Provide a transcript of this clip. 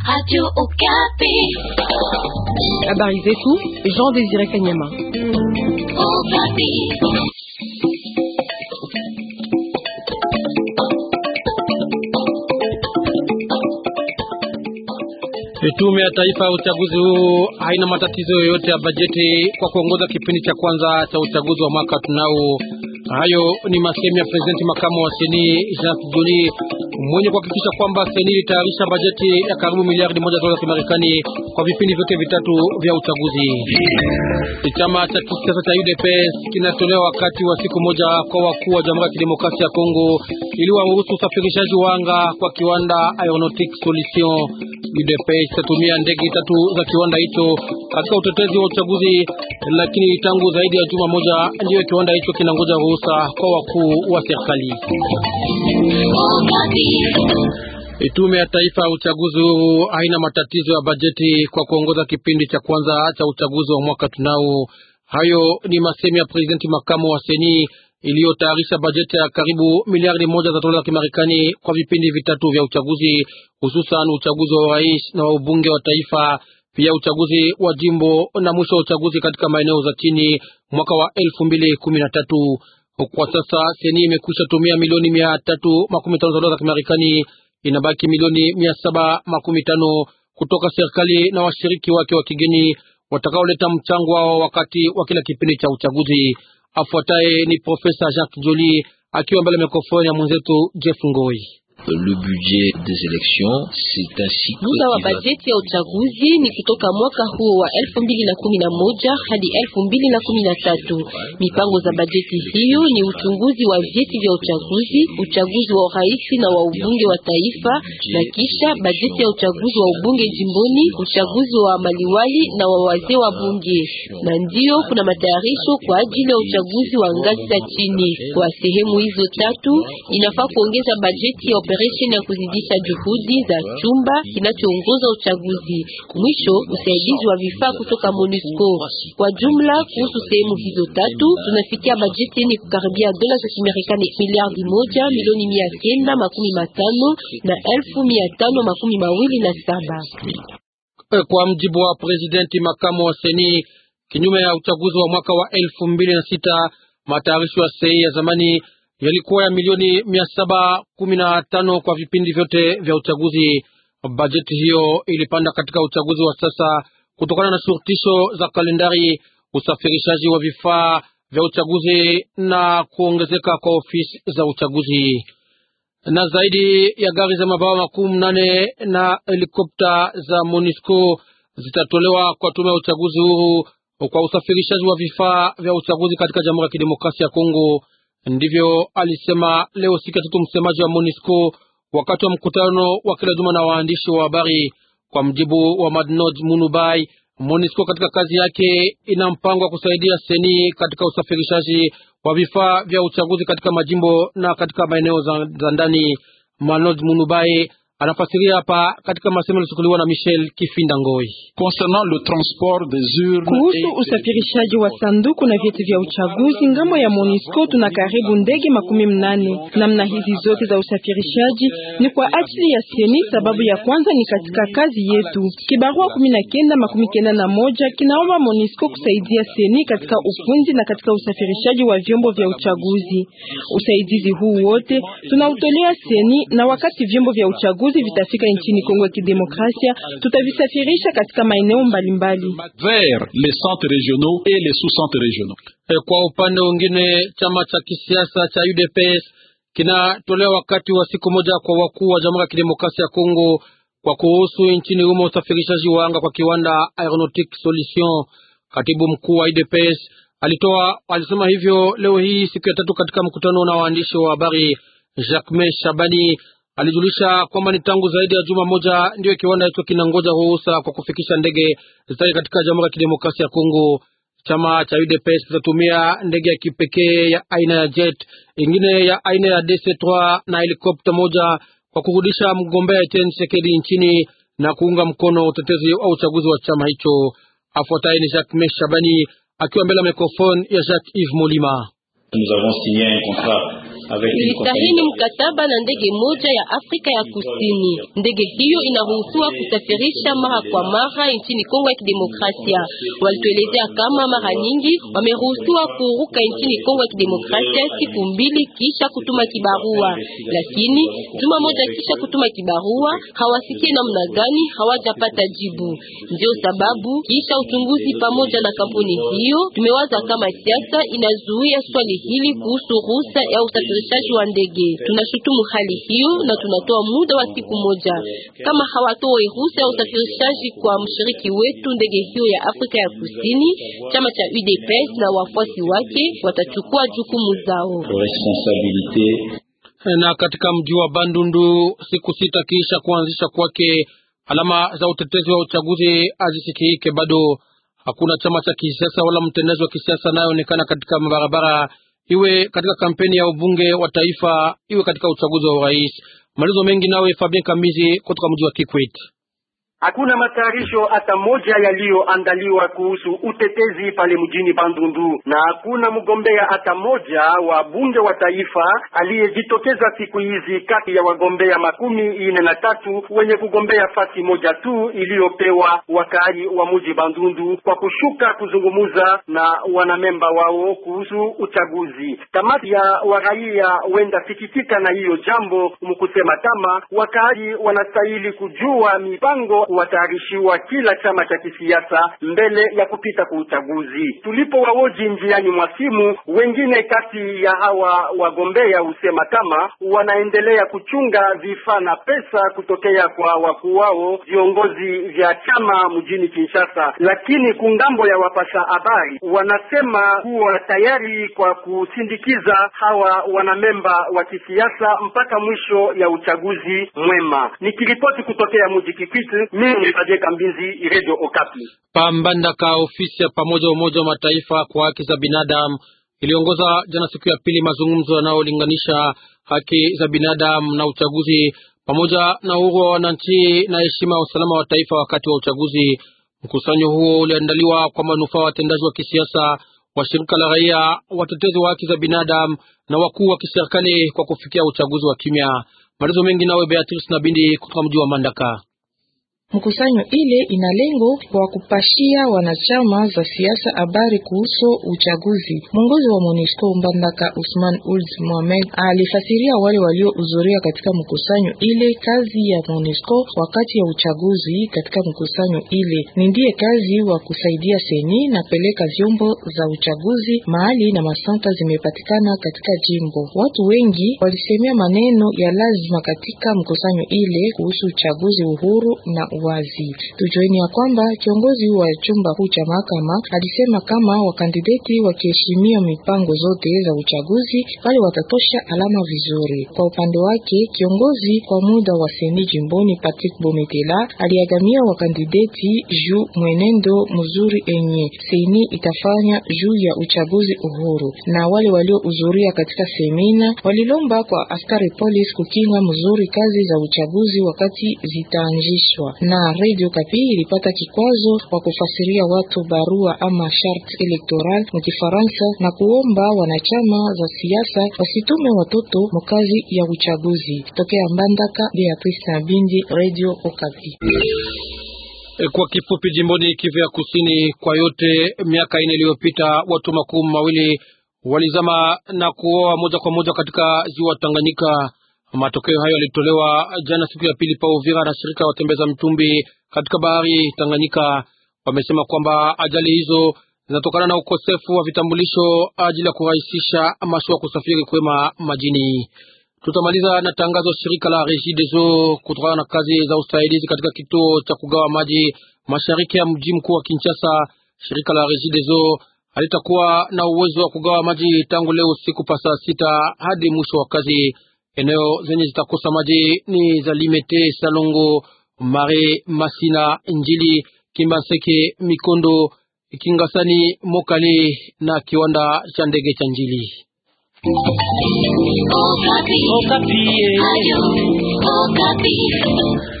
Radio Okapi. Habari zetu Jean Désiré Kanyama. Okapi. Tume ya Taifa ya uchaguzi huu haina matatizo yoyote ya bajeti kwa kuongoza kipindi cha kwanza cha uchaguzi wa mwaka tunao. Hayo ni masemi ya Presidenti makamu wa Seni Jacques Joli mwenye kuhakikisha kwamba seni ilitayarisha bajeti ya karibu miliardi moja dola za Kimarekani kwa vipindi vyote vitatu vya uchaguzi. Chama cha kisiasa cha UDPS kinatolewa wakati wa siku moja kwa wakuu wa Jamhuri ya Kidemokrasia ya Kongo ili waruhusu usafirishaji wanga kwa kiwanda Aeronautique Solution. UDP itatumia ndege tatu za kiwanda hicho katika utetezi wa uchaguzi, lakini tangu zaidi ya juma moja ndiyo kiwanda hicho kinangoja ruhusa kwa wakuu wa serikali. Tume ya Taifa ya Uchaguzi huu haina matatizo ya bajeti kwa kuongoza kipindi cha kwanza cha uchaguzi wa mwaka tunao. Hayo ni masemi ya Presidenti makamu wa Seni iliyotayarisha bajeti ya karibu miliardi moja za dola za Kimarekani kwa vipindi vitatu vya uchaguzi, hususan uchaguzi wa rais na wa ubunge wa taifa, pia uchaguzi wa jimbo na mwisho wa uchaguzi katika maeneo za chini mwaka wa elfu mbili kumi na tatu. Kwa sasa seni imekwisha tumia milioni mia tatu makumi tano za dola za Kimarekani, inabaki milioni mia saba makumi tano kutoka serikali na washiriki wake wa kigeni watakaoleta mchango wao wakati wa kila kipindi cha uchaguzi. Afuataye ni Profesa Jacques Joli akiwa mbele ya mikrofoni ya mwenzetu Jeff Ngoi le budget des élections c'est ainsi muda wa bajeti ya uchaguzi ni kutoka mwaka huo wa 2011 hadi 2013. Mipango za bajeti hiyo ni uchunguzi wa vyeti vya uchaguzi, uchaguzi wa urais na wa ubunge wa taifa, na kisha bajeti ya uchaguzi wa ubunge jimboni, uchaguzi wa maliwali na wa wazee wa bunge, na ndiyo kuna matayarisho kwa ajili ya uchaguzi wa ngazi za chini. Kwa sehemu hizo tatu inafaa kuongeza bajeti ya operesheni ya kuzidisha juhudi za chumba kinachoongoza uchaguzi, mwisho usaidizi wa vifaa kutoka MONUSCO. Kwa jumla, kuhusu sehemu hizo tatu tunafikia bajeti yenye kukaribia dola za Kimarekani miliardi moja milioni mia kenda makumi matano na elfu mia tano makumi mawili na saba eh, kwa mjibu wa presidenti makamu wa seni kinyume ya uchaguzi wa mwaka wa elfu mbili na sita matayarisho ya sei ya zamani yalikuwa ya milioni mia saba kumi na tano kwa vipindi vyote vya uchaguzi. Bajeti hiyo ilipanda katika uchaguzi wa sasa kutokana na shurutisho za kalendari, usafirishaji wa vifaa vya uchaguzi na kuongezeka kwa ofisi za uchaguzi. Na zaidi ya gari za mabawa makumi nane na helikopta za MONUSCO zitatolewa kwa tume ya uchaguzi huru kwa usafirishaji wa vifaa vya uchaguzi katika Jamhuri ya Kidemokrasia ya Kongo. Ndivyo alisema leo siku ya tatu msemaji wa MONUSCO wakati wa mkutano wa kila juma na waandishi wa habari. Kwa mjibu wa Madnod Munubai, MONUSCO katika kazi yake ina mpango wa kusaidia seni katika usafirishaji wa vifaa vya uchaguzi katika majimbo na katika maeneo za ndani. Manod Munubai Anafasiria hapa katika masemo yaliyochukuliwa na Michel Kifinda Ngoi kuhusu usafirishaji wa sanduku na vyeti vya uchaguzi ngambo ya Monisco. Tuna karibu ndege makumi mnane. Namna hizi zote za usafirishaji ni kwa ajili ya seni. Sababu ya kwanza ni katika kazi yetu. Kibarua kumi na kenda makumi kenda na moja kinaomba Monisco kusaidia seni katika ufundi na katika usafirishaji wa vyombo vya uchaguzi. Usaidizi huu wote tunautolea seni na wakati vyombo vya uchaguzi uchaguzi vitafika nchini Kongo ya Kidemokrasia, tutavisafirisha katika maeneo mbalimbali vers les centres régionaux et les sous-centres régionaux. E, kwa upande mwingine, chama cha kisiasa cha UDPS kinatolewa wakati wa siku moja kwa wakuu wa Jamhuri ya Kidemokrasia ya Kongo kwa kuhusu nchini humo usafirishaji wa anga kwa kiwanda Aeronautic Solution. Katibu mkuu wa UDPS alitoa alisema hivyo leo hii siku ya tatu katika mkutano na waandishi wa habari. Jacquemain Shabani alijulisha kwamba ni tangu zaidi ya juma moja ndiyo kiwanda hicho kinangoja ruhusa kwa kufikisha ndege zake katika Jamhuri ya Kidemokrasia ya Kongo. Chama cha UDPS kitatumia ndege ya kipekee ya aina ya jet, ingine ya aina ya DC3 na helikopta moja kwa kurudisha mgombea Etienne Tshisekedi nchini na kuunga mkono utetezi au uchaguzi wa chama hicho. Afuataye ni Jacques Meshabani akiwa mbele ya mikrofoni ya Jacques Yves Molima. Nous avons signé un contrat ilisahini mkataba na ndege moja ya Afrika ya Kusini. Ndege hiyo inaruhusiwa kusafirisha mara kwa mara nchini Kongo ya Kidemokrasia. Walituelezea kama mara nyingi wameruhusiwa kuruka nchini Kongo ya Kidemokrasia siku mbili kisha kutuma kibarua, lakini juma moja kisha kutuma kibarua hawasikie namna gani hawajapata jibu. Ndio sababu kisha uchunguzi pamoja na kampuni hiyo tumewaza kama siasa inazuia swali hili kuhusu ruhusa ya usafiri usafirishaji wa ndege. Tunashutumu hali hiyo na tunatoa muda wa siku moja, kama hawatoe ruhusa ya usafirishaji kwa mshiriki wetu ndege hiyo ya Afrika ya Kusini, chama cha UDPS na wafuasi wake watachukua jukumu zao na katika mji wa Bandundu siku sita kisha kuanzisha kwake, alama za utetezi wa uchaguzi hazisikike bado. Hakuna chama cha kisiasa wala mtendezi wa kisiasa anayeonekana katika mabarabara iwe katika kampeni ya ubunge wa taifa, iwe katika uchaguzi wa urais. Malizo mengi nawe Fabien Kamizi kutoka mji wa Kikwit. Hakuna matayarisho hata moja yaliyoandaliwa kuhusu utetezi pale mjini Bandundu, na hakuna mgombea hata moja wa bunge wa taifa aliyejitokeza siku hizi kati ya wagombea makumi ine na tatu wenye kugombea fasi moja tu iliyopewa wakaaji wa mji Bandundu kwa kushuka kuzungumuza na wanamemba wao kuhusu uchaguzi. Kamati ya waraia wenda sikitika na hiyo jambo mkusema kama wakaaji wanastahili kujua mipango kuwataarishiwa kila chama cha kisiasa mbele ya kupita kwa uchaguzi. tulipo waoji njiani mwa simu, wengine kati ya hawa wagombea husema kama wanaendelea kuchunga vifaa na pesa kutokea kwa wakuu wao viongozi vya chama mjini Kinshasa, lakini kungambo ya wapasha habari wanasema kuwa tayari kwa kusindikiza hawa wanamemba wa kisiasa mpaka mwisho ya uchaguzi mwema. Nikiripoti kutokea mji Kikwit. Pambandaka, ofisi ya pamoja Umoja wa Mataifa kwa haki za binadamu iliongoza jana siku ya pili mazungumzo yanayolinganisha haki za binadamu na uchaguzi pamoja na uhuru wa wananchi na heshima ya usalama wa taifa wakati wa uchaguzi. Mkusanyo huo uliandaliwa kwa manufaa watendaji wa kisiasa wa shirika la raia, watetezi wa haki za binadamu na wakuu wa kiserikali kwa kufikia uchaguzi wa kimya. Maelezo mengi nawe Beatrice Nabindi kutoka mji wa Mandaka. Mkusanyo ile ina lengo kwa kupashia wanachama za siasa habari kuhusu uchaguzi. Mwongozi wa MONUSCO Mbandaka Usman Ulz Mohamed alifasiria wale waliohudhuria katika mkusanyo ile kazi ya MONUSCO wakati ya uchaguzi. Katika mkusanyo ile ni ndiye kazi wa kusaidia seni na peleka vyombo za uchaguzi mahali na masanta zimepatikana katika jimbo. Watu wengi walisemea maneno ya lazima katika mkusanyo ile kuhusu uchaguzi uhuru na wazi. Tujueni ya kwamba kiongozi wa chumba kuu cha mahakama alisema kama wakandideti wakiheshimia mipango zote za uchaguzi, pale watatosha alama vizuri. Kwa upande wake, kiongozi kwa muda wa seni jimboni Patrick Bometela aliagamia wakandideti juu mwenendo mzuri enye seni itafanya juu ya uchaguzi uhuru, na wale waliohudhuria katika semina walilomba kwa askari polisi kukinga mzuri kazi za uchaguzi wakati zitaanzishwa na Radio Kapi ilipata kikwazo kwa kufasiria watu barua ama chart electoral mu Kifaransa na kuomba wanachama za siasa wasitume watoto mkazi ya uchaguzi. Tokea Mbandaka, Beatrice bindi Radio Okapi. E, kwa kifupi, jimboni Kivu ya Kusini, kwa yote miaka ine iliyopita watu makumi mawili walizama na kuoa moja kwa moja katika ziwa Tanganyika. Matokeo hayo yalitolewa jana siku ya pili pa Uvira na shirika watembeza mtumbi katika bahari Tanganyika. Wamesema kwamba ajali hizo zinatokana na ukosefu wa vitambulisho ajili ya kurahisisha mashua kusafiri kwema majini. Tutamaliza na tangazo shirika la Regideso kutokana na kazi za usaidizi katika kituo cha kugawa maji mashariki ya mji mkuu wa Kinshasa. Shirika la Regideso halitakuwa na uwezo wa kugawa maji tangu leo usiku pa saa sita hadi mwisho wa kazi. Eneo zenye zitakosa maji ni za Limete, Salongo, Mare, Masina, Njili, Kimbaseke, Mikondo, Kingasani, mokali na kiwanda cha ndege cha Njili. Okapi. Oh, Okapi. Oh, Okapi.